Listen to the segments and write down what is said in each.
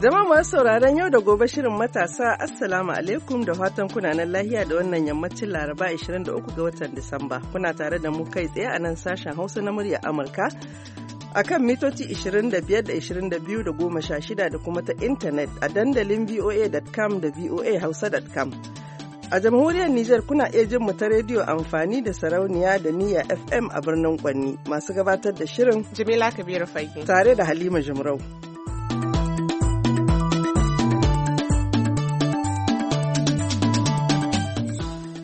Zama masu sauraron yau da gobe shirin matasa Assalamu alaikum da fatan kuna nan lahiya da wannan yammacin Laraba 23 ga watan Disamba. Kuna tare da mu kai tsaye a nan sashen Hausa na murya Amurka a kan mitoci 25 da 22 da da kuma ta intanet a dandalin voa.com da voahausa.com. A jamhuriyar Nijar kuna iya jin mu ta rediyo amfani da sarauniya da niyya FM a birnin Kwanni masu gabatar da shirin Jamila Kabiru Fage tare da Halima Jumrau.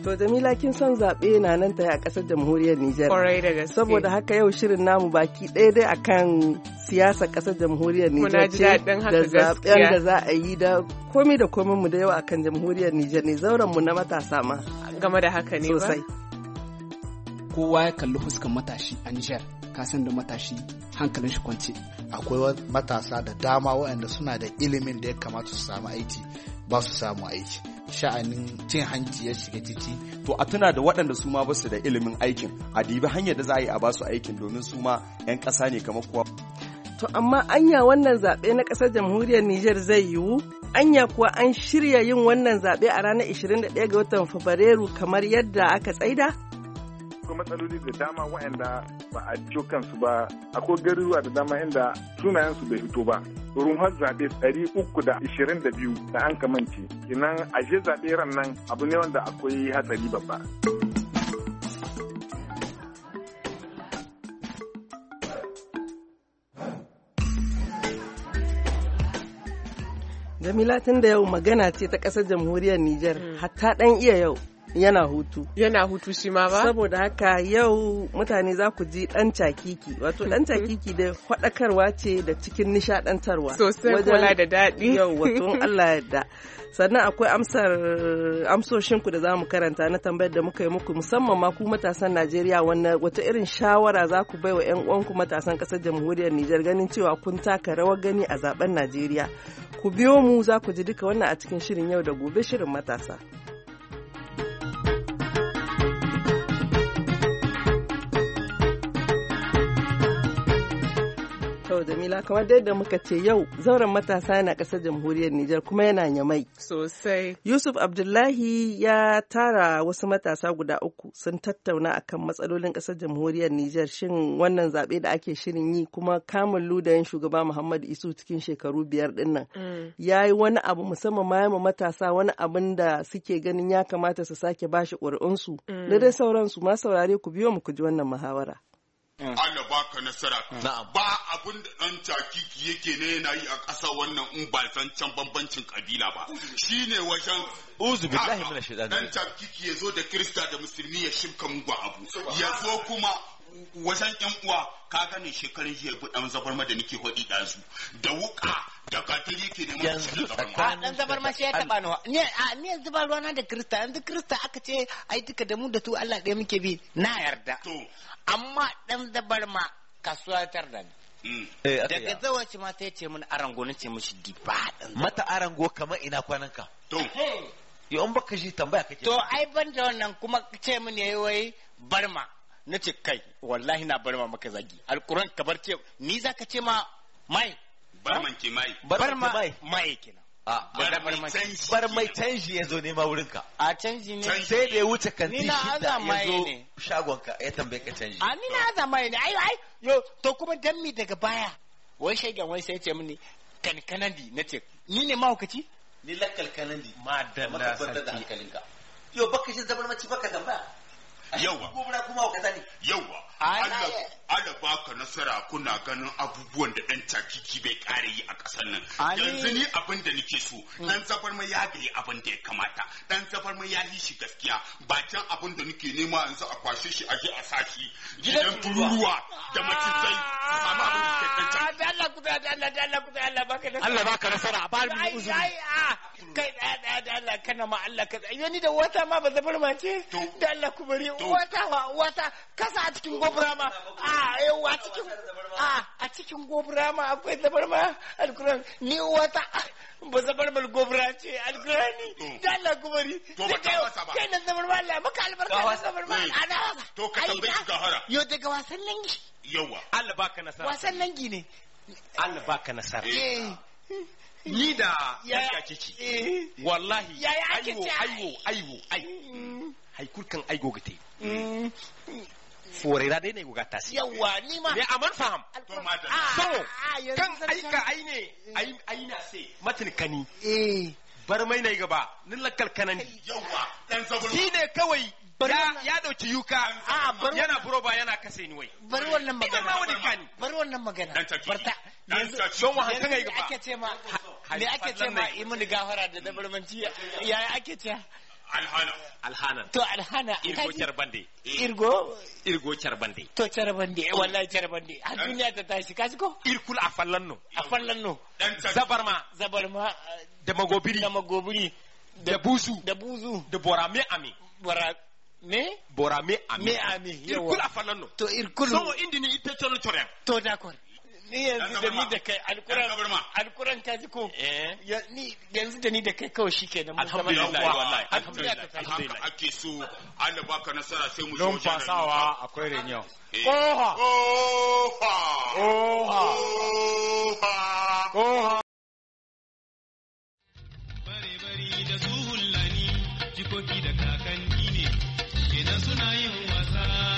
To Jamila kin san zaɓe na nan ta a ƙasar jamhuriyar Nijar. Ƙwarai da gaske. Saboda haka yau shirin namu baki ɗaya dai akan siyasa ƙasar jamhuriyar Nijar ce da zaɓen da za a yi da komi da komin mu da yau akan jamhuriyar Nijar ne zauren mu na matasa ma. Game da haka ne ba. Sosai. Kowa ya kalli fuskan matashi a Nijar. Ka san da matashi hankalin shi kwance. Akwai matasa da dama waɗanda suna da ilimin da ya kamata su samu aiki ba su samu aiki. sha'anin cin hanci ya shiga ciki to a tuna da waɗanda su ma basu da ilimin aikin a dibi hanyar da za a yi a basu aikin domin su ma 'yan ƙasa ne kamar kuwa. To amma anya wannan zaɓe na ƙasar jamhuriyar Nijar zai yiwu? Anya kuwa an shirya yin wannan zaɓe a ranar 21 ga watan Fabrairu kamar yadda aka tsaida? akwai matsaloli da dama waɗanda ba a jiyo kansu ba akwai garuruwa da dama inda sunayensu bai fito ba runhar zaɓe ɗari uku da da biyu da an kamance inan ashe zaɓe ran nan abu ne wanda akwai hatsari babba. Jamila tun da yau magana ce ta ƙasar jamhuriyar Nijar, mm. hatta ɗan iya yau. yana hutu yana hutu shi ma ba saboda haka yau mutane za ku ji dan cakiki wato dan cakiki da faɗakarwa ce da cikin nishadantarwa sosai kola da daɗi yau wato Allah yadda sannan akwai amsar amsoshin ku da zamu karanta na tambayar da muka yi muku musamman ma ku matasan Najeriya wannan wata irin shawara za ku bai wa ƴan uwanku matasan ƙasar jamhuriyar Nijar ganin cewa kun taka rawar gani a zaben Najeriya ku biyo mu za ku ji duka wannan a cikin shirin yau da gobe shirin matasa yau Jamila kamar dai da muka ce yau zauren matasa yana ƙasar jamhuriyar Nijar kuma yana nyamai. Sosai. Yusuf Abdullahi ya tara wasu matasa guda uku sun tattauna a kan matsalolin ƙasar jamhuriyar Nijar shin wannan zaɓe da ake shirin yi kuma kamun ludayin shugaba muhammad Isu cikin shekaru biyar ɗin nan. Mm. Ya yi wani abu musamman ma ya matasa wani abin da suke ganin ya kamata su sake bashi ƙuri'unsu. Mm. Da dai sauransu ma saurare ku biyo mu ku ji wannan muhawara. Mm. Allah ka nasara mm. ba abin da ɗan takiki yake ne yana yi a ƙasa wannan in ba san can bambancin ƙabila ba shine wajen uzu billahi minash shaitan dan takiki zo da kirista da musulmi ya shimka mugu abu zo kuma wajen ƴan uwa ka gane shekarun jiya ɗan zabar ma da nake hodi ɗazu. da wuka da katiri ke neman yanzu ɗan zabar ma shi ya taɓa nawa ne a ne yanzu ba ruwana da Kirista yanzu kirista aka ce ai duka da mu da tu Allah ɗaya muke bi na yarda to amma dan dabar ma kasuwa tar da ni mm. eh, daga zawaci ma sai ce mun arango na ce mishi diba dan mata arango kamar ina kwanan ka to yo an baka shi tambaya kake to ai ban da wannan kuma ce mun yayi wai barma na ce kai wallahi na barma maka zagi alquran ka bar ce ni zaka ce ma mai barman ce mai barma mai kenan bar mai canji ya zo nema wurinka a canji ne sai da ya wuce kan tikita ya zo shagonka ya tambaye ka canji a ni na azamaye ne ayo ai yo to kuma dan mi daga baya wai shagen wai sai ce mini kankanandi na ce ni ne mahaukaci ni lakkal kanandi ma da na sarki yo baka shi zaman mace baka tambaya yawa gobara kuma ka sani yawa Allah baka nasara kuna ganin abubuwan da dan takiki bai kare yi a kasar nan yanzu ni abin da nake so dan mm. safar mai ya bi abin da ya kamata dan safar mai ya yi shi gaskiya ba can abin da nake nema yanzu a kwashe shi aje a sashi gidan tururuwa da macizai su amma abin da ke dan ah, nasara Allah baka nasara ba mu uzuri ah. kai da da da Allah kana ma Allah ka yo ni da wata ma ba zabar ma ce da Allah ku bari wata wa wata kasa a cikin gobra ma a a cikin a a cikin gobra ma akwai zabar ma alquran ni wata ba zabar mal gobra ce alqurani da Allah ku bari kai na zabar ma Allah maka albarka na zabar ma eh. ana to ka tambayi shi gahara yo daga wasan langi yawa Allah baka nasara wasan gi ne Allah baka nasara eh. Eh. ni da gaskiya kiki eh. wallahi aiwo aiwo aiwo ai haikur mm. kan aigo gate da mm. dai ne ga tasi yawa ni ma ne aman faham ah, so ah, kan aika ai ne ai na sai matin kani eh bar mai na gaba nin lakkal kanani yawa dan zabulu shi ne kawai ya dauki yuka ah, yana buroba yana kase ni wai bar wannan magana bar wannan magana dan ta magana bar ta yanzu don wahan kan ai gaba me ake ce ma yi mini gafara da dabarmanci yaya ake ce alhana alhana to alhana irgo charbande irgo irgo charbande to charbande wallahi charbande a eh? duniya ta tashi kaji ko irkul afallanno afallanno zabarma zabarma eh, da magobiri da magobiri da buzu da buzu da borame ami bora me borame ami me ami irkul afallanno to irkul so indini ite chono chorem to d'accord ni yanzu da ni da kai alkuran alkuran ka ji ko eh. ni yanzu da ni da kai kawai shikenan mun zama alhamdulillah wallahi alhamdulillah ake so Allah baka nasara sai mu don fasawa akwai renewal eh. oha oha oha oha oha bare bari da su hullani jikoki da kakanni ne kenan suna yin wasa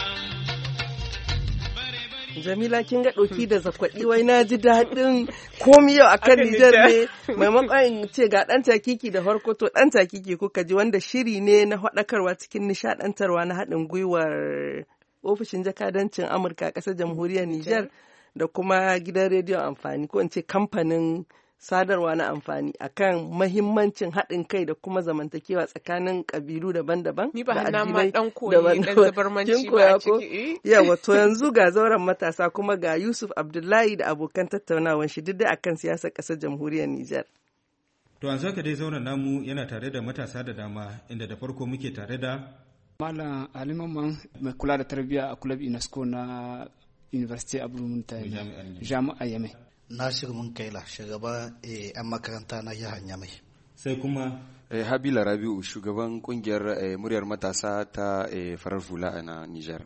Jamila kin ga ɗoki da zakwaɗi wai na ji daɗin komi yau akan Nijar ne maimakon ce ga ɗan takiki da harkoto to ɗan takiki kuka ji wanda shiri ne na haɗakarwa cikin nishaɗantarwa na haɗin gwiwar ofishin jakadancin Amurka kasar ƙasar jamhuriyar Nijar da kuma gidan rediyon amfani ko in ce kamfanin sadarwa na amfani akan mahimmancin haɗin kai da kuma zamantakewa tsakanin ƙabilu daban-daban ni ba ma dan koyi dan zabarmanci ba eh? yawa to yanzu ga zauren matasa kuma ga Yusuf Abdullahi da abokan tattaunawar shi duk akan siyasar ƙasar jamhuriyar Nijar to an haka dai zauren namu yana tare da matasa da dama inda da farko muke tare da Malam aliman mai kula da tarbiyya a kulab UNESCO na University Abdul Jami'ar yame Nasiru mun kaila shugaban eh, 'yan makaranta na jihar yamai Sai kuma eh, Habila Rabi'u shugaban kungiyar eh, muryar matasa ta farar Fula na Nijar.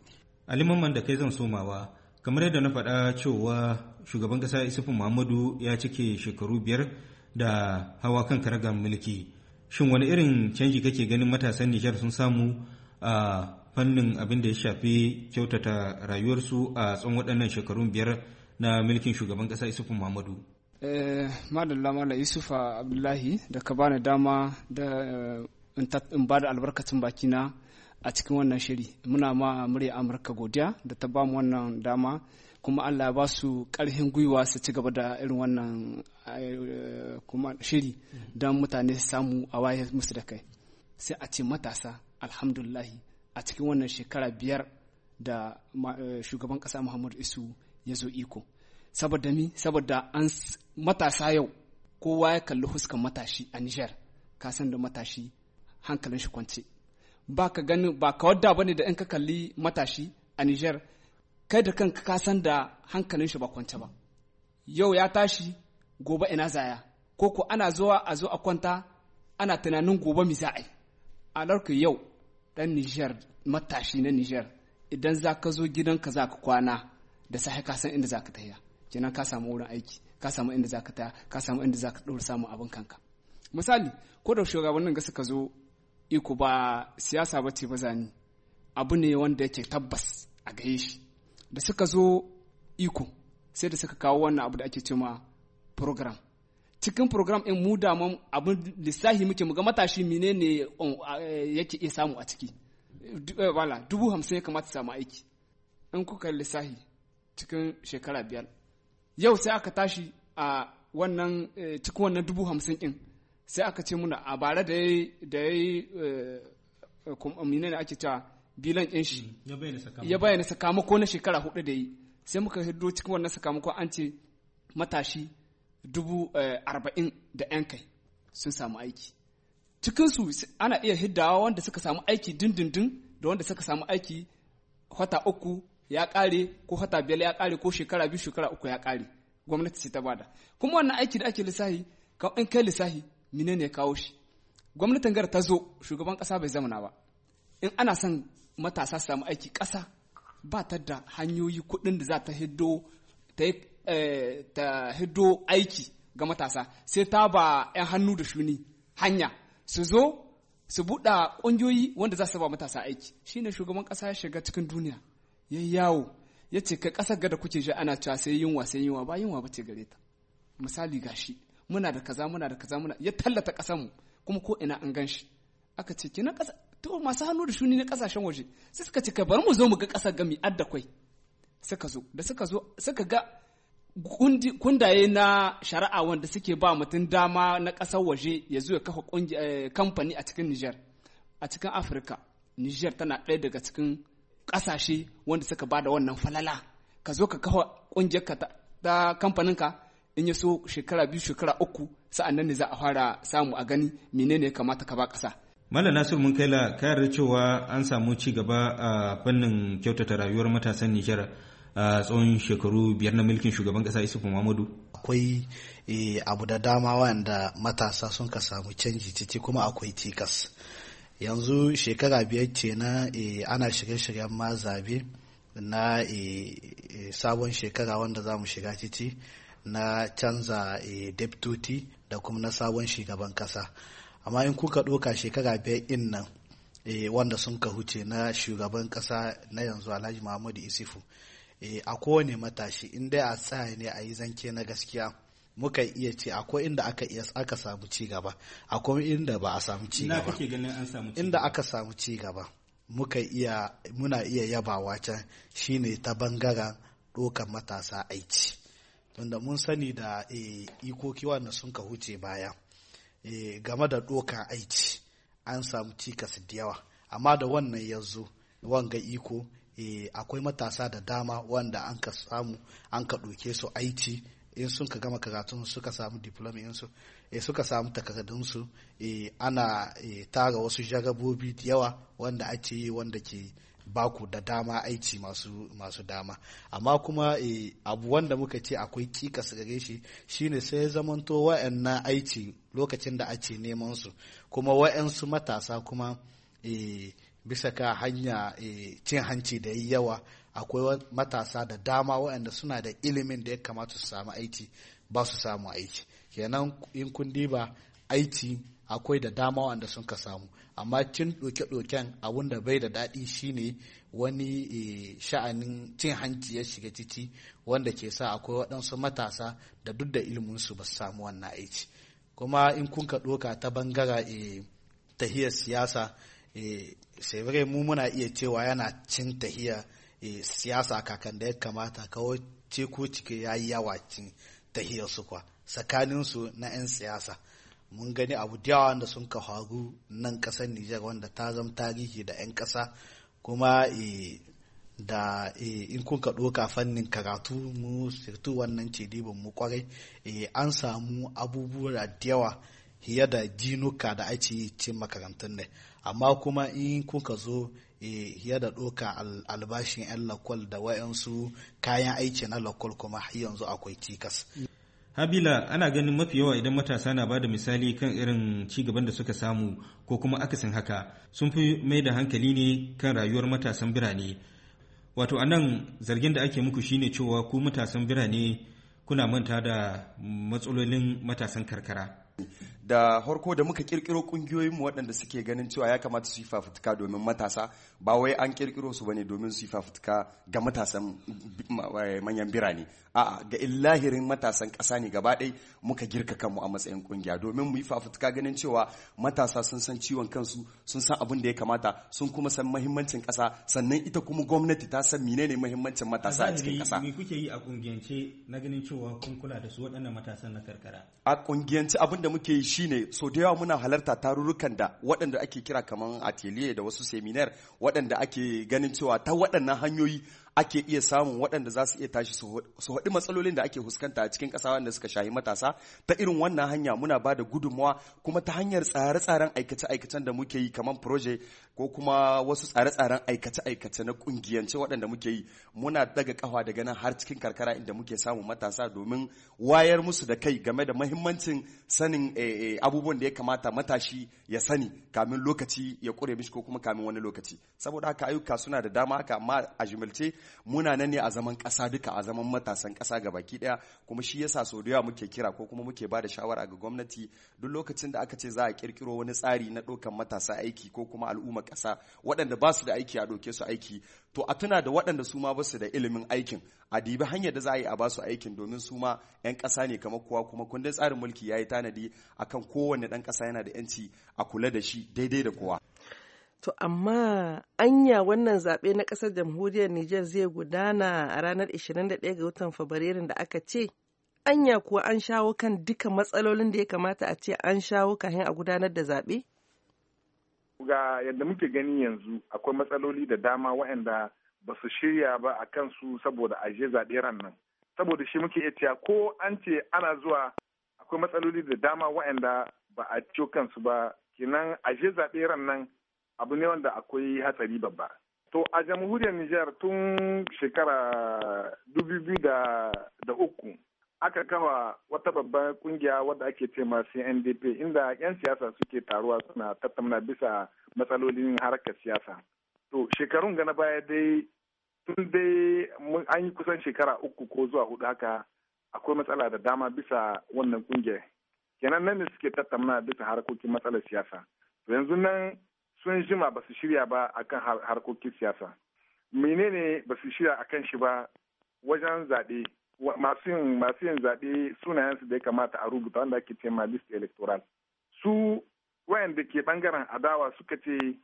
Aliman da kai zan somawa kamar yadda na faɗa cewa shugaban ƙasa Isufu Muhammadu ya cike shekaru biyar da hawa kan karagar mulki. Shin wani irin canji kake ganin matasan Nijar sun samu a fannin abin da ya shafi kyautata rayuwarsu a tsawon waɗannan shekarun biyar na mulkin shugaban ƙasa Isufu Muhammadu. Eh, madalla Mala isufa Abdullahi da ka bani dama da eh, in ba da albarkacin bakina a cikin wannan shiri muna ma murya Amurka godiya da ta bamu wannan dama kuma Allah ba su ƙarfin gwiwa su ci gaba da irin wannan eh, kuma shiri don mutane su samu a wayar musu da kai sai a ce matasa alhamdulahi a cikin wannan shekara biyar da shugaban ƙasa Muhammadu Isu ya zo iko saboda ni saboda an matasa yau kowa ya kalli huskan matashi a Nijar ka san da matashi hankalin shi kwance ba ka gani ba ka wadda bane da in ka kalli matashi a Nijar kai da kanka ka san da hankalin shi ba kwance ba yau ya tashi gobe ina zaya ko ko ana zuwa a zo a kwanta ana tunanin gobe mi za a yi a yau dan Nijar matashi na Nijar idan za ka zo gidanka za ka kwana da sai ka san inda zaka tafiya kenan ka samu wurin aiki ka samu inda zaka ta ka samu inda zaka dora samun abin kanka misali ko da shugabannin ga suka zo iko ba siyasa ba ce ba zani abu ne wanda yake tabbas a gaye shi da suka zo iko sai da suka kawo wannan abu da ake cewa program cikin program ɗin mu da mun abu lissahi muke muga matashi menene um, eh, yake iya samu a ciki eh, wala dubu hamsin ya kamata samu aiki in kuka lissahi cikin shekara biyar yau sai aka tashi a wannan eh, cikin wannan dubu hamsin ɗin sai aka ce muna a bara da ya yi kumamina da eh, eh, ake cewa bilan ɗin shi mm, ya bayyana sakamako na shekara hudu da yi sai muka hiddo cikin wannan sakamako an ce matashi dubu arba'in da yan kai sun samu aiki cikinsu ana iya hiddawa wanda suka samu aiki dindindin da wanda suka samu aiki wata uku ya kare ko hata biyar ya kare ko shekara biyu shekara uku ya kare gwamnati ce ta bada kuma wannan aiki da ake lissahi in kai lissahi mine ne kawo shi gwamnatin gar ta zo shugaban kasa bai zamana ba in ana son matasa su samu aiki kasa ba ta da hanyoyi kuɗin da za ta hiddo ta eh, ta hiddo aiki ga matasa sai ta ba 'yan hannu da shuni hanya su zo su buɗa ƙungiyoyi wanda za su ba matasa aiki shine shugaban ƙasa ya shiga cikin duniya ya yawo ya ce ka ƙasar gada kuke shi ana cewa sai yunwa sai yunwa ba yunwa ba ce gare ta misali gashi muna da kaza muna da kaza muna ya tallata ƙasar mu kuma ko ina an gan shi aka ce kina ƙasa to masu hannu da shuni na ƙasashen waje sai suka ce ka bar mu zo mu ga ƙasar gami adda kwai suka zo da suka zo suka ga kundaye na shari'a wanda suke ba mutum dama na ƙasar waje ya zo ya kafa eh, kamfani a cikin Nijar a cikin Afirka Nijar tana ɗaya daga cikin ƙasashe wanda suka bada wannan falala ka zo ka kafa ƙungiyar ta kamfanin ka in ya so shekara biyu shekara uku sa'an nan ne za a fara samu a gani menene ya kamata ka ba kasa Mala Nasiru mun kai la kayar cewa an samu ci gaba a fannin kyautata rayuwar matasan Nijar a tsawon shekaru biyar na mulkin shugaban kasa Isufu Muhammadu. Akwai eh, abu da dama wanda matasa sun ka samu canji ciki kuma akwai tikas. yanzu shekara biyar ce na eh, ana shirye-shiryen ma zabe na eh, sabon shekara wanda za mu shiga ciki na canza eh, deputy da kuma na sabon shugaban kasa amma in kuka ɗoka shekara biyar in nan wanda sun ka huce na shugaban kasa na yanzu alhaji muhammadu isifu a kowane matashi inda dai a tsaya ne a yi zanke na gaskiya muka iya ce akwai inda aka iya aka samu ci gaba akwai inda ba a samu ci gaba inda aka samu ci gaba muka iya muna iya yabawa can shine ta bangaren ɗaukar matasa aiki tunda mun sani da e, ikoki wanda sun ka huce baya e, game da ɗaukar aiki an samu cikas da yawa amma da wannan yanzu wanga iko e, akwai matasa da dama wanda an ka samu an ka ɗauke su aiki in sun ka gama karatun suka samu diploma in su e, suka samu takardunsu e, eh, ana e, tara wasu jarabobi da yawa wanda ake yi wanda ke baku da dama aiki masu, masu dama amma kuma e, abu wanda muka ce akwai kikas gare shi shine sai zamanto wa'annan aiki lokacin da ake neman su kuma wa'ansu matasa kuma e, bisa ka hanya e, cin hanci da yawa akwai matasa da dama waɗanda suna da ilimin da ya kamata su samu aiki ba su samu aiki kenan in kun diba aiki akwai da dama waɗanda sun ka samu amma cin ɗoke-ɗoken abun da bai da daɗi shine wani eh, sha'anin cin hanci ya shiga ciki wanda ke sa akwai waɗansu matasa da duk da iliminsu ba su samu wannan aiki kuma in kun ka ɗoka ta bangara eh, tahiyar siyasa eh, sevre mu muna iya cewa yana cin tahiyar Eh, siyasa kakan da ya kamata kawo teku cike ya yi yawa cikin su kwa tsakaninsu na 'yan siyasa mun gani abu da yawa da sun ka faru nan kasar Nijar wanda ta zama tarihi da 'yan kasa kuma eh, da eh, in kun ka ɗoka fannin karatu mu sirtu wannan ce mu kwarai an samu abubuwa da yawa fiye da jinuka da ake cin makarantun ne amma kuma in kun ka zo E, ya da ɗoka albashin 'yan lakwal da wayansu kayan aiki na lakwal kuma yanzu akwai cikas. Habila ana ganin mafi yawa idan matasa na ba da misali kan irin ci gaban da suka samu ko kuma akasin haka sun fi mai da hankali ne kan rayuwar matasan birane. Wato anan zargin da ake muku shine cewa ku matasan birane kuna manta da matsalolin matasan karkara. da harko da muka kirkiro kungiyoyinmu waɗanda suke ganin cewa ya kamata su yi fafutuka domin matasa ba wai an kirkiro su bane domin su yi fafutuka ga matasan eh, manyan birane a'a ga illahirin matasan ƙasa ne gaba ɗai muka girka kanmu a matsayin kungiya domin mu yi fafutuka ganin cewa matasa sun san ciwon kansu sun san abin da ya kamata sun kuma san mahimmancin ƙasa sannan ita kuma gwamnati ta san menene mahimmancin matasa a cikin ƙasa me kuke yi a kungiyance na ganin cewa kun kula da su waɗannan matasan na karkara a kungiyance abin da muke yi shine so da yawa muna halarta tarurrukan da waɗanda ake kira kamar atelier da wasu seminar waɗanda ake ganin cewa ta waɗannan hanyoyi ake iya samun waɗanda za su iya tashi su haɗi matsalolin da ake huskanta a cikin ƙasa wanda suka shahi matasa ta irin wannan hanya muna ba da gudunmawa kuma ta hanyar tsare-tsaren aikace-aikacen da muke yi kamar proje ko kuma wasu tsare-tsaren aikace-aikace na ƙungiyance waɗanda muke yi muna daga ƙafa daga nan har cikin karkara inda muke samun matasa domin wayar musu da kai game da mahimmancin sanin eh, eh, abubuwan da ya kamata matashi ya sani kamin lokaci ya ƙure mishi ko kuma kamin wani lokaci saboda haka ayyuka suna da dama haka amma a jimilce muna nan ne a zaman ƙasa duka a zaman matasan ƙasa ga baki ɗaya kuma shi yasa sau da yawa muke kira ko kuma muke ba da shawara ga gwamnati duk lokacin da aka ce za a kirkiro wani tsari na ɗaukan matasa aiki ko kuma al'umma ƙasa waɗanda ba su da aiki a ɗauke su aiki to a tuna da waɗanda su ma ba su da ilimin aikin a dibi hanyar da za a yi a ba su aikin domin su ma 'yan ƙasa ne kamar kowa kuma kundin tsarin mulki ya yi tanadi akan kowanne ɗan ƙasa yana da 'yanci a kula da shi daidai da kowa. To amma anya wannan zaɓe na ƙasar jamhuriyar Nijar zai gudana a ranar 21 ga watan Fabrairun da aka ce, anya kuwa an shawo kan duka matsalolin da ya kamata a ce an shawo kahin a gudanar da zaɓe? Ga yadda muke gani yanzu akwai matsaloli da dama waɗanda ba su shirya ba a kansu saboda aje zaɓe ran nan. Saboda shi muke iya ko an ce ana zuwa akwai matsaloli da dama waɗanda ba a ciyo kansu ba kenan aje zaɓe ran nan abu ne wanda akwai hatsari babba to a jamhuriyar Nijar tun shekara da uku aka kawa wata babbar kungiya wadda ake ce ma CNDP inda 'yan siyasa suke taruwa suna tattauna bisa matsalolin harkar siyasa. To shekarun gana baya dai tun dai an yi kusan shekara uku ko zuwa hudu haka akwai matsala da dama bisa wannan kungiyar. Kenan nan ne suke tattauna bisa harkokin matsalar siyasa. To yanzu nan sun jima ba su shirya ba akan harkokin siyasa menene ba su shirya akan shi ba wajen zaɓe masu yin zaɓe sunayensu da ya kamata a rubuta wanda ake ce list electoral su wayanda ke bangaren adawa suka ce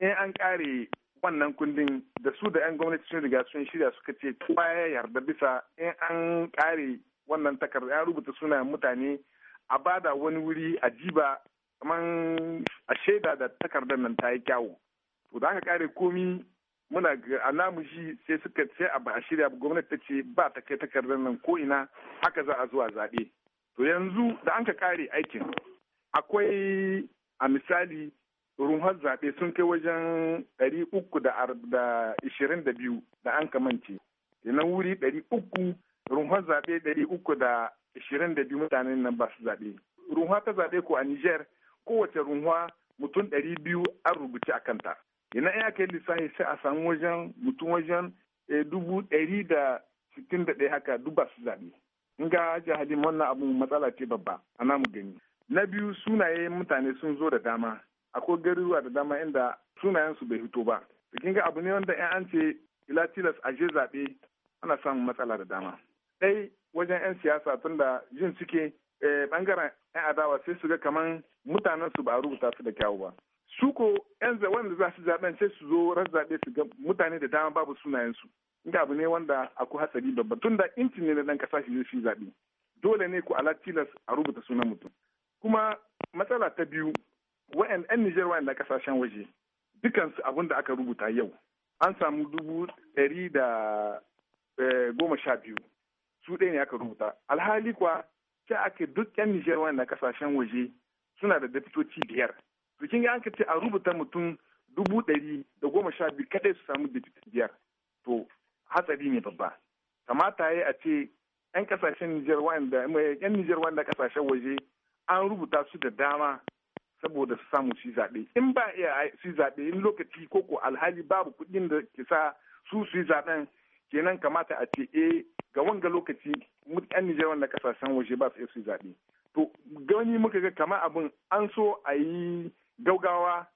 in an ƙare wannan kundin da su da 'yan gwamnati sun riga sun shirya suka ce ya yarda bisa in an ƙare wannan takarda ya rubuta sunayen mutane a bada wani wuri a jiba kaman a shaida da takardar nan ta yi kyawu to da aka kare komi muna a mu sai suka ce a shirya gwamnati ta ce ba ta kai takardar nan ko ina haka za a zuwa zaɓe to yanzu da an ka kare aikin akwai a misali ruhar zaɓe sun kai wajen ɗari uku da ishirin da biyu da an ka mance kenan wuri ɗari uku ruhar zaɓe ɗari uku da ishirin da biyu mutanen nan ba su zaɓe ruha ta zaɓe ko a niger kowace runwa mutum ɗari biyu an rubuce a kanta ina ya kai yi lissafi sai a samu wajen mutum wajen eh, dubu ɗari da sittin da ɗaya haka duk ba su zaɓe in ga hajji wannan abu matsala ce babba a namu gani na biyu sunaye mutane sun zo da dama akwai garuruwa da dama inda sunayen su bai fito ba kin ga abu ne wanda in an ce ila tilas a je zaɓe ana samun matsala da dama ɗai wajen 'yan siyasa tunda jin suke Eh, bangaren 'yan adawa sai su ga kaman mutanen su ba rubuta su da kyawu ba su ko 'yan wanda za su zaben sai su zo ran su ga mutane da dama babu sunayen su inda abu ne wanda akwai hatsari babba tun da ne na ɗan ƙasa shi zai zaɓe dole ne ku ala tilas a rubuta sunan mutum kuma matsala ta biyu wa'yan 'yan Nijar wa'yan na ƙasashen waje dukansu abin da aka rubuta yau an samu dubu ɗari da eh, goma sha biyu su ɗaya ne aka rubuta alhali kuwa sai aka duk 'yan Nijar na kasashen waje suna da dafitoci biyar. To kin ga ce a rubuta mutum dubu ɗari da goma sha biyu kaɗai su samu dafitoci biyar. To hatsari ne babba. Kamata ya a ce 'yan kasashen Nijar wanda 'yan Nijar kasashen waje an rubuta su da dama saboda su samu su zaɓe. In ba iya su zaɓe in lokaci ko ko alhali babu kuɗin da ke sa su su zaɓen kenan kamata a ce eh ga wanga lokaci yan Nijar wanda kasashen waje ba su iya su zaɓe. To gani muka ga kamar abin an so a yi gaugawa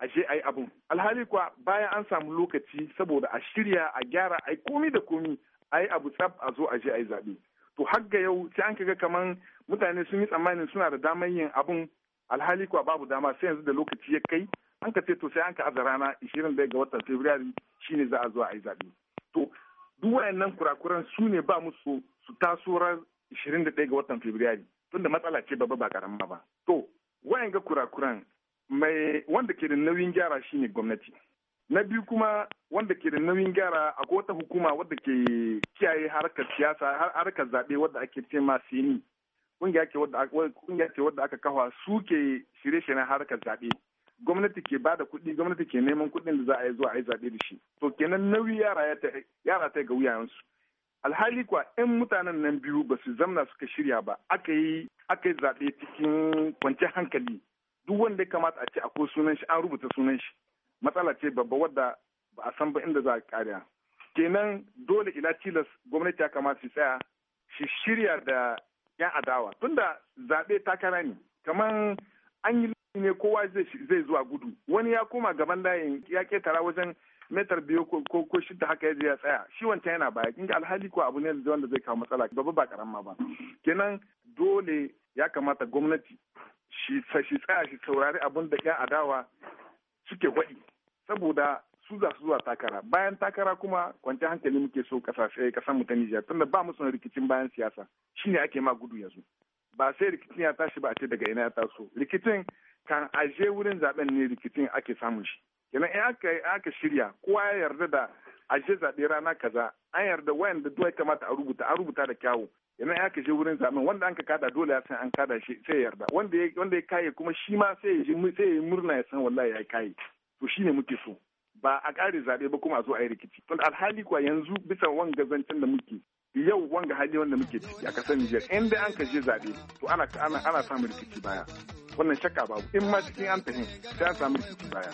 a je a yi abin. Alhali kuwa bayan an samu lokaci saboda a shirya a gyara a yi komi da komi a yi abu tsab a zo a je a yi zaɓe. To har ga yau sai an kaga kamar mutane sun yi tsammanin suna da damar yin abin alhali kuwa babu dama sai yanzu da lokaci ya kai an ka ce to sai an ka aza rana 21 ga watan Fabrairu shine za a zo a yi zaɓe. To duk wayannan kurakuran su ne ba musu su taso ran 21 ga watan Fabrairu tunda matsala ce babba ba karamma ba. To, wayan ga kurakuran mai wanda ke da nauyin gyara shine gwamnati. Na biyu kuma wanda ke da nauyin gyara akwai wata hukuma wadda ke kiyaye harkar siyasa harkar zaɓe wadda ake ce ma sini. Kungiya ce wadda aka kawo su ke shirye-shiryen harkar zaɓe. gwamnati ke ba da kuɗi gwamnati ke neman kuɗin da za a yi zuwa a yi zaɓe da shi to kenan nauyi yara ta ga wuyayensu alhali kuwa 'yan mutanen nan biyu ba su zamna suka shirya ba aka yi aka yi zaɓe cikin kwanciyar hankali duk wanda ya kamata a ce a ko sunan shi an rubuta sunan shi matsala ce babba wadda ba a san ba inda za a kariya kenan dole ila tilas gwamnati ya kamata su tsaya shi shirya da 'yan adawa tunda zaɓe takara ne kamar an yi ne kowa zai zuwa gudu wani ya koma gaban layin ya ketara wajen metar biyu ko ko shida haka yaje ya tsaya shi wancan yana baya kin alhali ko abu ne wanda zai kawo matsala babba ba karama ba kenan dole ya kamata gwamnati shi shi tsaya shi saurari abin da yan adawa suke gwadi saboda su za su zuwa takara bayan takara kuma kwanciyar hankali muke so kasashe eh, kasan mu ta Nijar tunda ba mu son rikicin bayan siyasa shi ne ake ma gudu yanzu ba sai rikicin ya tashi ba a ce daga ina ya taso rikicin kan aje wurin zaben ne rikicin ake samun shi kenan in aka shirya kowa ya yarda da aje zaɓe rana kaza an yarda wayanda duwai kamata a rubuta an rubuta da kyawu idan aka je wurin zaben wanda an ka kada dole ya san an kada shi sai yarda wanda ya wanda ya kaye kuma shi ma sai ya sai ya murna ya san wallahi ya kaye to shine muke so ba a kare zaɓe ba kuma a zo a yi rikici tun alhali kuwa yanzu bisa wanga zancen da muke yau wanga hali wanda muke ciki a kasar Nijar in dai an ka je zaɓe to ana ana ana samun rikici baya wannan shakka babu in ma cikin an tafi sai an samu rikici baya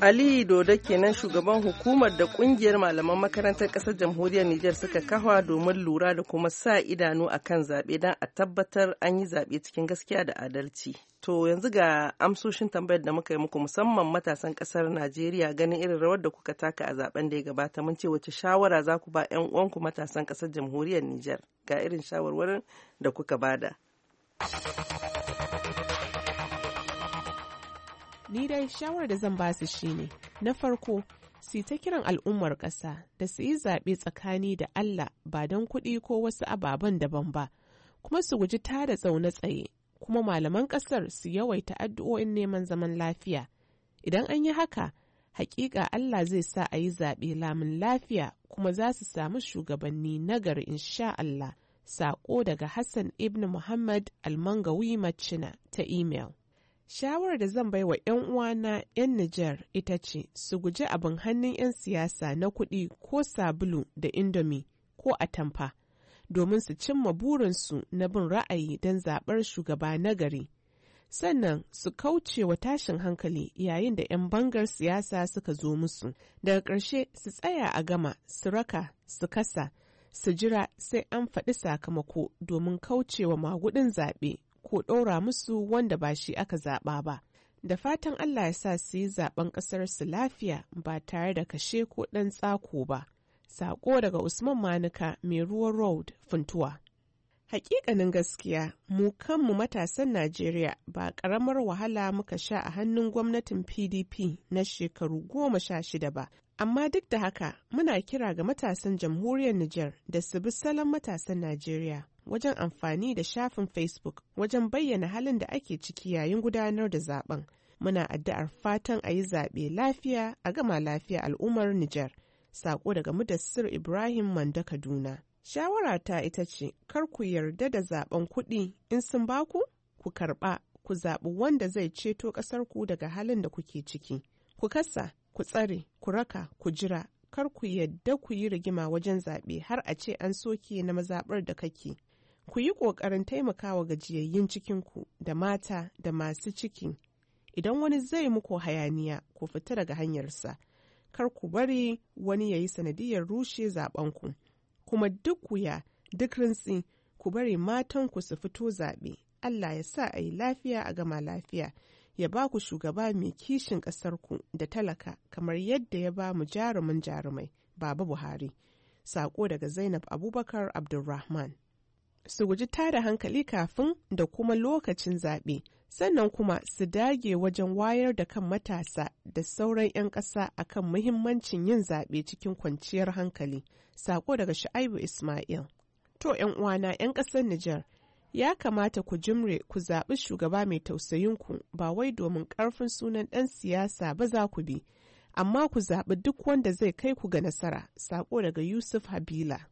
Ali Dodo kenan shugaban hukumar da kungiyar malaman makarantar ƙasar jamhuriyar Nijar suka kawa domin lura da kuma sa idanu a kan zaɓe don a tabbatar an yi zaɓe cikin gaskiya da adalci. To yanzu ga amsoshin tambayar da muka yi muku musamman matasan ƙasar Najeriya ganin irin rawar da kuka taka a zaben da ya gabata mun ce wace shawara za ku ba 'yan uwanku matasan ƙasar jamhuriyar Nijar ga irin shawarwarin da kuka bada. ni dai shawar da zan basu ne na farko su ta kiran al'ummar ƙasa da su yi zaɓe tsakani da Allah ba don kuɗi ko wasu ababen daban ba kuma su guji tada tsaune tsaye kuma malaman ƙasar su yawaita addu'o'in neman zaman lafiya idan an yi haka hakika Allah zai sa a yi zaɓe lamun lafiya kuma za su samu shugabanni nagari insha Allah. Sako daga Hassan Ibn Muhammad Almangawi Macina ta imel. shawarar da zan bai wa 'yan uwana 'yan Nijar ita ce su guji abin hannun 'yan siyasa na kuɗi ko sabulu da indomi ko atamfa domin su cimma burinsu na bin ra'ayi don zaɓar shugaba nagari. Sannan su kauce wa tashin hankali yayin da 'yan bangar siyasa suka zo musu. Daga ƙarshe su tsaya a gama, su raka, su kasa, su jira sai an faɗi sakamako domin kauce wa magudin zaɓe ko ɗora musu wanda ba shi aka zaɓa ba. Da fatan Allah ya sa su yi zaɓen ƙasarsu lafiya ba tare da kashe ko ɗan tsako ba. Saƙo daga Usman Manuka, mai ruwan Road, Funtuwa. Hakikanin gaskiya, mu kanmu matasan Najeriya ba ƙaramar wahala muka sha a hannun gwamnatin PDP na shekaru goma sha shida ba. Amma duk da haka, muna kira ga matasan jamhuriyar Nijar da su bi salon matasan Najeriya wajen amfani da shafin Facebook wajen bayyana halin da ake ciki yayin gudanar da zaben. Muna addu'ar fatan a yi zaɓe lafiya a gama lafiya al'ummar Nijar. Sako daga Mudassir Ibrahim Manda Kaduna. Shawara ta ita ce, kar ku yarda da zaben kuɗi in sun baku, ku karɓa, ku zaɓi wanda zai ceto ƙasar ku daga halin da kuke ciki. Ku kasa, ku tsare, ku raka, ku jira, kar ku yadda ku yi rigima wajen zaɓe har a ce an soke na mazaɓar da kake. ku yi ƙoƙarin taimakawa gajiyayyun cikinku da mata da masu ciki. Idan wani zai muku hayaniya, ku fita daga hanyarsa. Kar ku bari wani ya yi sanadiyar rushe zaɓenku. Kuma duk wuya, duk rintsi, ku bari matanku su fito zaɓe. Allah ya sa a yi lafiya a gama lafiya. Ya ba ku shugaba mai kishin ƙasarku da talaka kamar yadda ya ba mu jarumin jarumai, Baba Buhari. Sako daga Zainab Abubakar Abdulrahman. su guji tada hankali kafin da kuma lokacin zaɓe sannan kuma su dage wajen wayar da kan matasa da sauran 'yan ƙasa a kan muhimmancin yin zaɓe cikin kwanciyar hankali saƙo daga Sha'aibu ismail to 'yan uwana 'yan ƙasar nijar ya kamata ku jimre ku zaɓi shugaba mai tausayinku ba wai domin ƙarfin sunan ɗan siyasa ba za ku bi amma ku zaɓi duk wanda zai kai ku ga nasara saƙo daga yusuf habila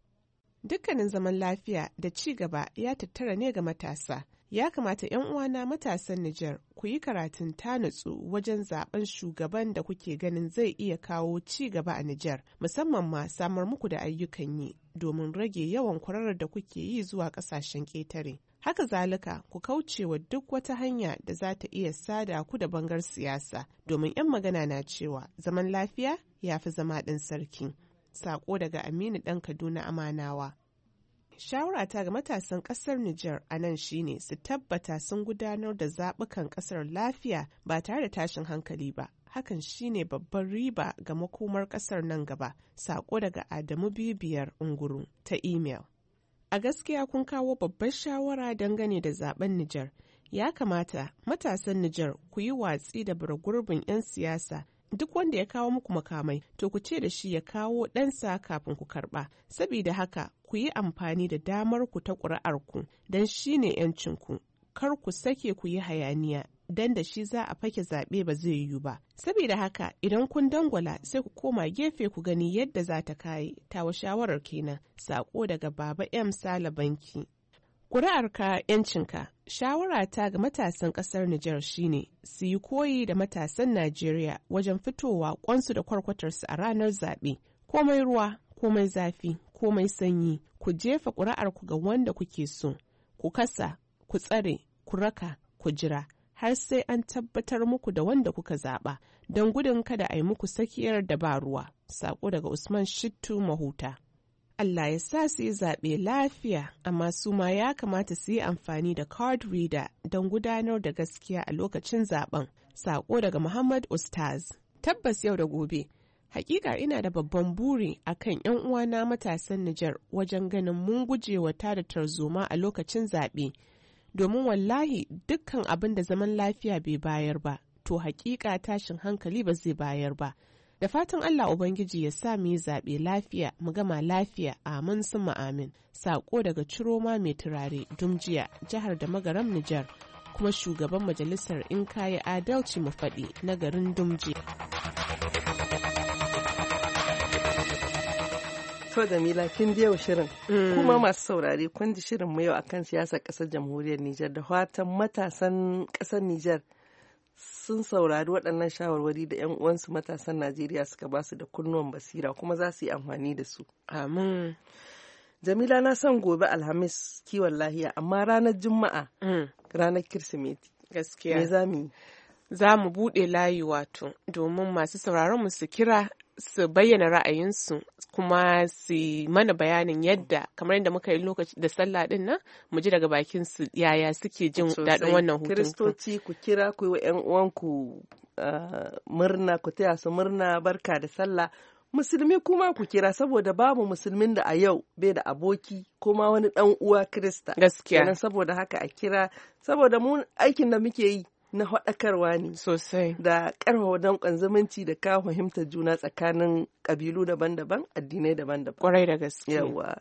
Dukkanin zaman lafiya da ci gaba ya tattara ne ga matasa. Ya kamata 'yan uwana matasan Nijar ku yi karatun ta nutsu wajen zaben shugaban da kuke ganin zai iya kawo ci gaba a Nijar, musamman ma samar muku da ayyukan yi domin rage yawan kwararar da kuke yi zuwa ƙasashen ƙetare. Haka zalika ku kauce wa duk wata hanya da za ta iya sada ku da bangar siyasa domin 'yan magana na cewa zaman lafiya ya fi zama ɗin sarki. Sako daga Aminu ɗan Kaduna Amanawa. Shawarata ga matasan ƙasar Nijar a nan shine su tabbata sun gudanar da zaɓukan ƙasar lafiya ba tare da tashin hankali ba. Hakan shine babban riba ga makomar ƙasar nan gaba. Sako daga Adamu Bibiyar Unguru ta imel. A gaskiya kun kawo babbar shawara dangane da zaben Nijar. Ya kamata matasan Nijar ku yi watsi da burgurbin 'yan siyasa duk wanda ya kawo muku makamai to ku ce da shi ya kawo ɗansa kafin ku karɓa saboda haka ku yi amfani da damar ku ta ƙuri'arku don shi ne ku kar ku sake ku yi hayaniya don da shi za a fake zaɓe ba zai yiwu ba saboda haka idan kun dangwala sai ku koma gefe ku gani yadda za ta kayi tawa shawarar kenan saƙo daga baba m sala banki Kuri'arka ‘yancinka, shawara ta ga matasan ƙasar Nijar shine su yi koyi da matasan Najeriya wajen fitowa ƙwansu da kwarkwatarsu a ranar zaɓe, komai ruwa, komai zafi, komai sanyi, ku jefa ƙuri'arku ga wanda kuke so, ku kasa, ku tsare, ku raka, ku jira, har sai an tabbatar muku da wanda kuka zaɓa, don gudun kada a yi muku tsakiyar da ba ruwa. Sako daga Usman Shittu Mahuta. Allah ya sa su yi zaɓe lafiya, amma su ma ya kamata su yi amfani da card reader don gudanar da gaskiya a lokacin zaɓen Sako daga Muhammad Ustaz. Tabbas yau da gobe. Hakika ina da babban buri a kan ‘yan uwana matasan Nijar wajen ganin mun gujewa tada tarzoma a lokacin zaɓe, domin wallahi dukkan abin da zaman lafiya bai bayar ba, to hakika tashin hankali ba zai bayar ba. Da fatan Allah Ubangiji ya sa mu yi zaɓe lafiya, mu gama lafiya, amin mu amin. Saƙo daga Ciroma mai turare, Dumjiya, jihar da magaram Nijar, kuma shugaban majalisar in kayi adalci mu faɗi na garin Dumjiya. To Jamila kin biya shirin. Mm. Kuma masu saurare kun ji shirin mu yau akan siyasar ƙasar jamhuriyar Nijar da fatan matasan ƙasar Nijar. sun saurari waɗannan shawarwari da 'yan uwansu matasan Najeriya suka ba su da kunnuwan basira kuma za su yi amfani da su. Amin. Jamila na son gobe Alhamis kiwon lahiya amma ranar Juma'a mm. ranar Kirsimeti. Gaskiya. Me za mu yi? Za mu buɗe layi wato domin masu sauraron mu su kira su bayyana ra'ayinsu kuma su mana bayanin yadda kamar yadda muka yi lokaci da sallah din nan mu ji daga bakin su yaya suke jin daɗin wannan hutun kristoci ku kira ku yi wa ƴan uwanku ah, murna ku taya su murna barka da sallah musulmi kuma ku kira saboda babu musulmin da a yau bai da aboki kuma wani dan uwa krista gaskiya saboda haka a kira saboda mu aikin da muke yi na haɗakarwa ne sosai da ƙarfafa danƙon zumunci da ka fahimtar juna tsakanin ƙabilu daban-daban addinai daban-daban Ƙwarai da gaske yawa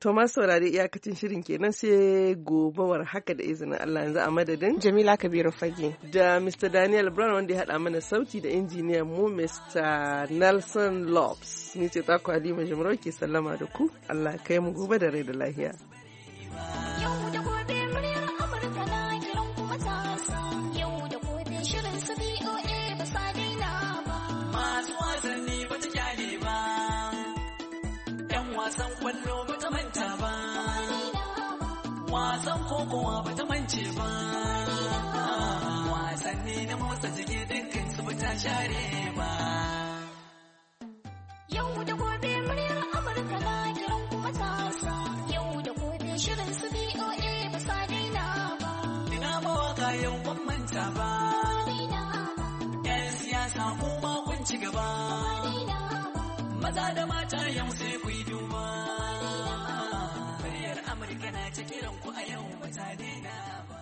to ma saurari iyakacin shirin kenan sai gobawar haka da izinin Allah yanzu a madadin Jamila Kabiru Fage da Mr Daniel Brown wanda ya haɗa mana sauti da injiniyan mu Mr Nelson Lopes ni ce taku Halima Jumro ke sallama da ku Allah kai mu gobe da rai da lahiya na ba. Yau da gobe muryar Amurka na kiran kuma tasa. Yau da gobe shirin su BOA ba sa daina ba. Ina mawaka yau ban manta ba. Yan siyasa kuma kun ci gaba. Maza da mata yau sai ku yi duba. Muryar Amurka na ta kiran ku a yau ba ta daina ba.